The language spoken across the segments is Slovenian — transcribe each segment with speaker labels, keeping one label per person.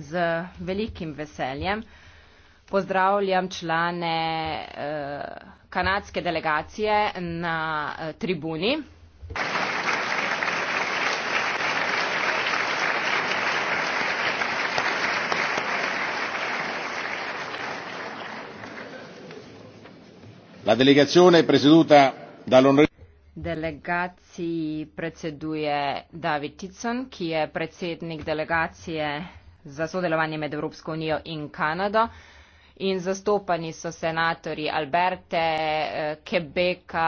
Speaker 1: z velikim veseljem pozdravljam člane eh, kanadske delegacije na eh, tribuni.
Speaker 2: La delegazione presieduta dall'onorevole
Speaker 1: Delegaciji predseduje David Titson, ki je predsednik delegacije za sodelovanje med Evropsko unijo in Kanado. In zastopani so senatori Alberte, eh, Quebeca,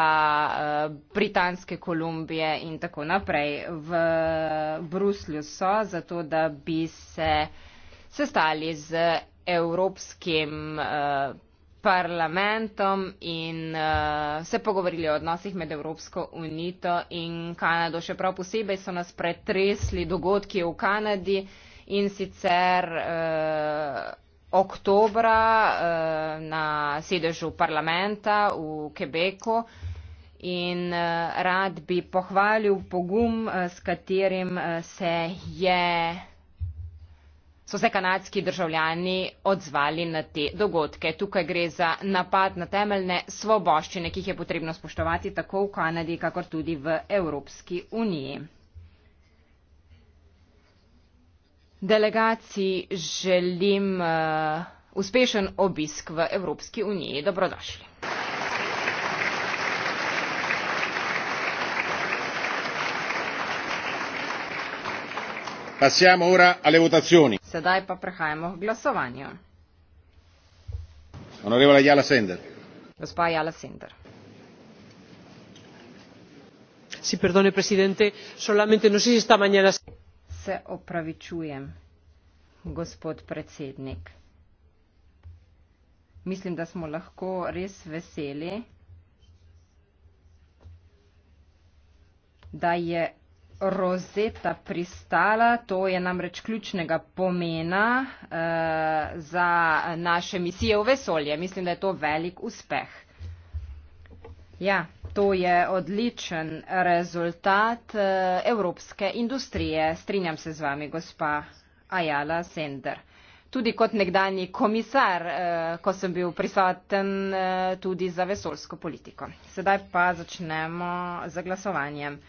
Speaker 1: eh, Britanske Kolumbije in tako naprej. V eh, Bruslju so zato, da bi se sestali z Evropskim parlamentom in se pogovorili o odnosih med Evropsko unijo in Kanado. Še prav posebej so nas pretresli dogodki v Kanadi in sicer eh, oktobra eh, na sedežu parlamenta v Quebecu. In eh, rad bi pohvalil pogum, eh, s katerim eh, se je, so se kanadski državljani odzvali na te dogodke. Tukaj gre za napad na temeljne svoboščine, ki jih je potrebno spoštovati tako v Kanadi, kakor tudi v Evropski uniji. delegaciji želim uh, uspešen obisk v Evropski uniji. Dobrodošli.
Speaker 2: Passiamo ora alle votazioni.
Speaker 1: Sedaj pa prehajamo k glasovanju.
Speaker 2: Onorevole Jala Sender.
Speaker 1: Gospa Jala Sender. Sì, perdone, Presidente, solamente non si sta mangiando se opravičujem, gospod predsednik. Mislim, da smo lahko res veseli, da je rozeta pristala, to je namreč ključnega pomena eh, za naše misije v vesolje. Mislim, da je to velik uspeh. Ja. To je odličen rezultat eh, evropske industrije. Strinjam se z vami, gospa Ajala Sender. Tudi kot nekdani komisar, eh, ko sem bil prisoten eh, tudi za vesolsko politiko. Sedaj pa začnemo z glasovanjem.